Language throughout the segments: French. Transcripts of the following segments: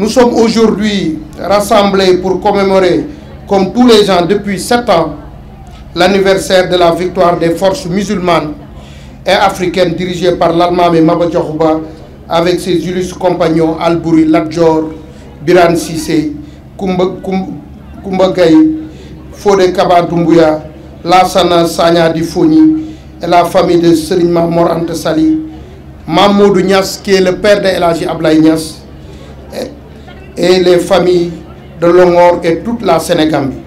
Nous sommes aujourd'hui rassemblés pour commémorer, comme tous les gens depuis sept ans, l'anniversaire de la victoire des forces musulmanes et africaines dirigées par l'Allemagne et avec ses illustres compagnons Al-Bouri, Ladjor, Biran Sissé, Kumba Fode Kaba Dumbuya, Lassana Sanya Difoni et la famille de Serigne Mahmour Antesali, Sali, Mamoudou Nias qui est le père de Elagi Ablaï Nias, et les familles de Longor et toute la Sénégambie.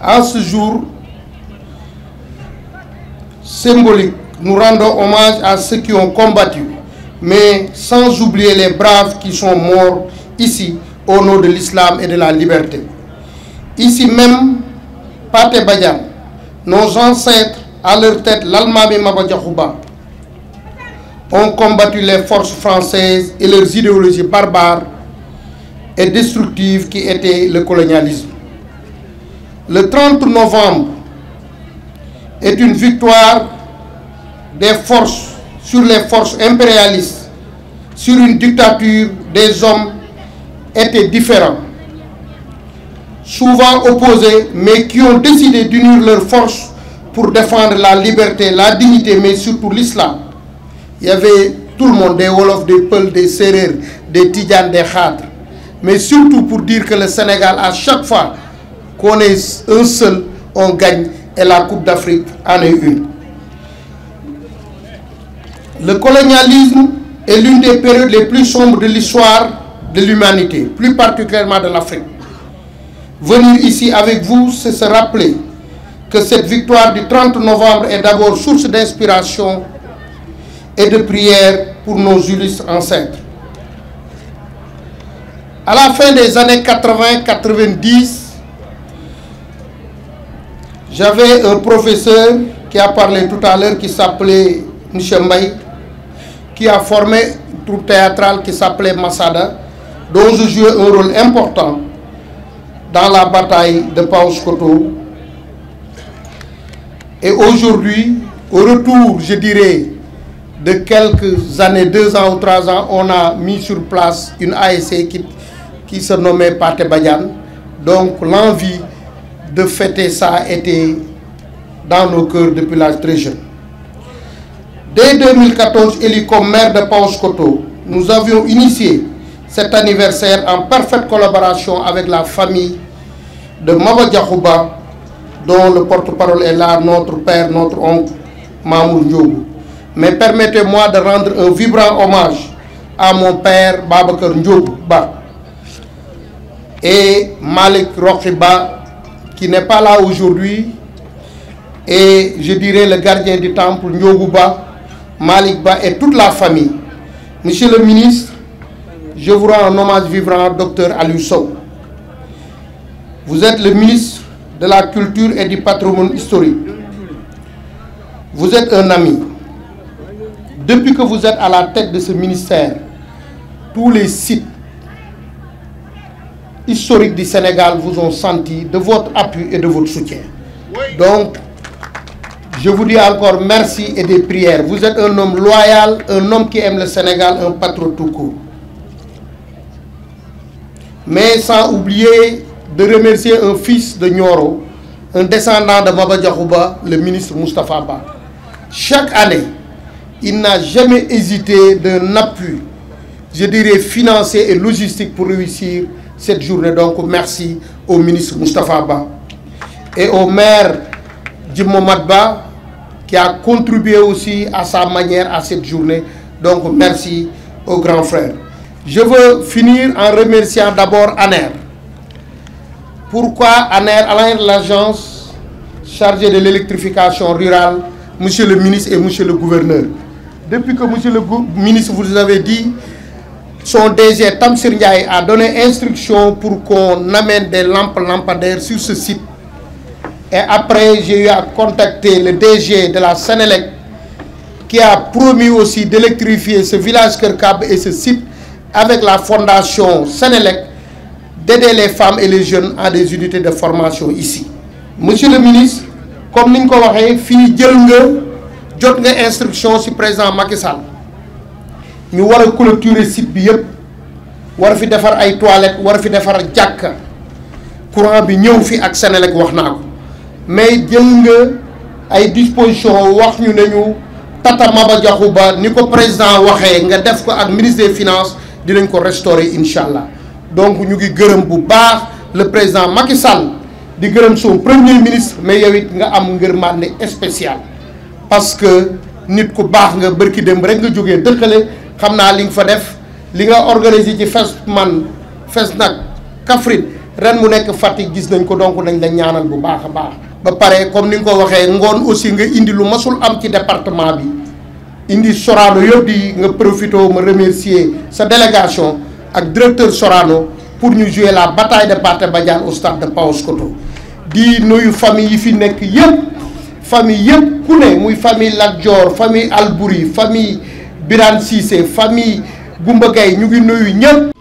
À ce jour symbolique, nous rendons hommage à ceux qui ont combattu, mais sans oublier les braves qui sont morts ici au nom de l'islam et de la liberté. Ici même, Pate Bayan, nos ancêtres, à leur tête l'Almami Mabadjahouba, ont combattu les forces françaises et leurs idéologies barbares et destructives qui étaient le colonialisme. Le 30 novembre est une victoire des forces sur les forces impérialistes, sur une dictature des hommes étaient différents, souvent opposés, mais qui ont décidé d'unir leurs forces pour défendre la liberté, la dignité, mais surtout l'islam. Il y avait tout le monde, des Wolofs, des Peuls, des Serrers, des Tidjans, des Khadres. Mais surtout pour dire que le Sénégal, à chaque fois qu'on est un seul, on gagne. Et la Coupe d'Afrique en est une. Le colonialisme est l'une des périodes les plus sombres de l'histoire de l'humanité, plus particulièrement de l'Afrique. Venir ici avec vous, c'est se rappeler que cette victoire du 30 novembre est d'abord source d'inspiration et de prière pour nos juristes ancêtres. À la fin des années 80-90, j'avais un professeur qui a parlé tout à l'heure qui s'appelait Nchembaï, qui a formé une troupe théâtrale qui s'appelait Masada, dont je jouais un rôle important dans la bataille de Paoskoto. Et aujourd'hui, au retour, je dirais, de quelques années, deux ans ou trois ans, on a mis sur place une ASC qui, qui se nommait Pate Bayan. Donc l'envie de fêter ça était dans nos cœurs depuis l'âge très jeune. Dès 2014, élu comme maire de Pao nous avions initié cet anniversaire en parfaite collaboration avec la famille de Mama dont le porte-parole est là, notre père, notre oncle, Mamour mais permettez-moi de rendre un vibrant hommage à mon père Babakar Ndjouba et Malik Rokhiba qui n'est pas là aujourd'hui et je dirais le gardien du temple Ba, Malik Ba et toute la famille. Monsieur le ministre, je vous rends un hommage vibrant docteur Aliou Vous êtes le ministre de la culture et du patrimoine historique. Vous êtes un ami depuis que vous êtes à la tête de ce ministère, tous les sites historiques du Sénégal vous ont senti de votre appui et de votre soutien. Donc, je vous dis encore merci et des prières. Vous êtes un homme loyal, un homme qui aime le Sénégal, un patron tout court. Mais sans oublier de remercier un fils de Nyoro, un descendant de Baba le ministre Moustapha Ba. Chaque année, il n'a jamais hésité d'un appui, je dirais financier et logistique pour réussir cette journée. Donc merci au ministre Moustapha Ba et au maire du qui a contribué aussi à sa manière à cette journée. Donc merci au grand frère. Je veux finir en remerciant d'abord ANER. Pourquoi ANER, ANER l'agence chargée de l'électrification rurale, Monsieur le ministre et Monsieur le gouverneur depuis que monsieur le ministre vous avez dit, son DG Tamsir Ndiaye a donné instruction pour qu'on amène des lampes lampadaires sur ce site. Et après, j'ai eu à contacter le DG de la Sénélec qui a promis aussi d'électrifier ce village Kerkab et ce site avec la fondation Sénélec d'aider les femmes et les jeunes à des unités de formation ici. Monsieur le ministre, comme nous l'avons dit, jot nga instruction ci président Macky Sall ñu war a clôturer site bi yëpp war fi defar ay toilettes war fi defar jàkka courant bi ñëw fi ak Senelec wax naa mais jël nga ay disposition wax ñu ne Tata Maba jaxuba niko ni président waxee nga def ko ak ministre des finances dinañ ko restaurer inshallah. donc ñu ngi gërëm bu baax le président Macky Sall di gërëm son premier ministre mais yow nga am mané spécial parce que nit ku bax nga barki dem rek nga jógee deukalé xamna li nga fa def li nga organisé ci fes man fes nag Kaffrine ren mu nek Fatick gis nañ ko donc nañ la ñaanal bu baaxa baax ba paré comme ni nga ko waxee ngoon aussi nga indi lu masul am ci département bi indi Sorano yëpp di nga profito ma remercier sa délégation ak directeur Sorano pour ñu jouer la bataille de Pathé Badiane au stade de Paoskoto di nuyu famille yi fi nek yépp famille yëpp ku ne muy famille Lat Dior famille Albouri famille Birane Cissé famille Goumba Gaye ñu ngi nuyu ñëpp.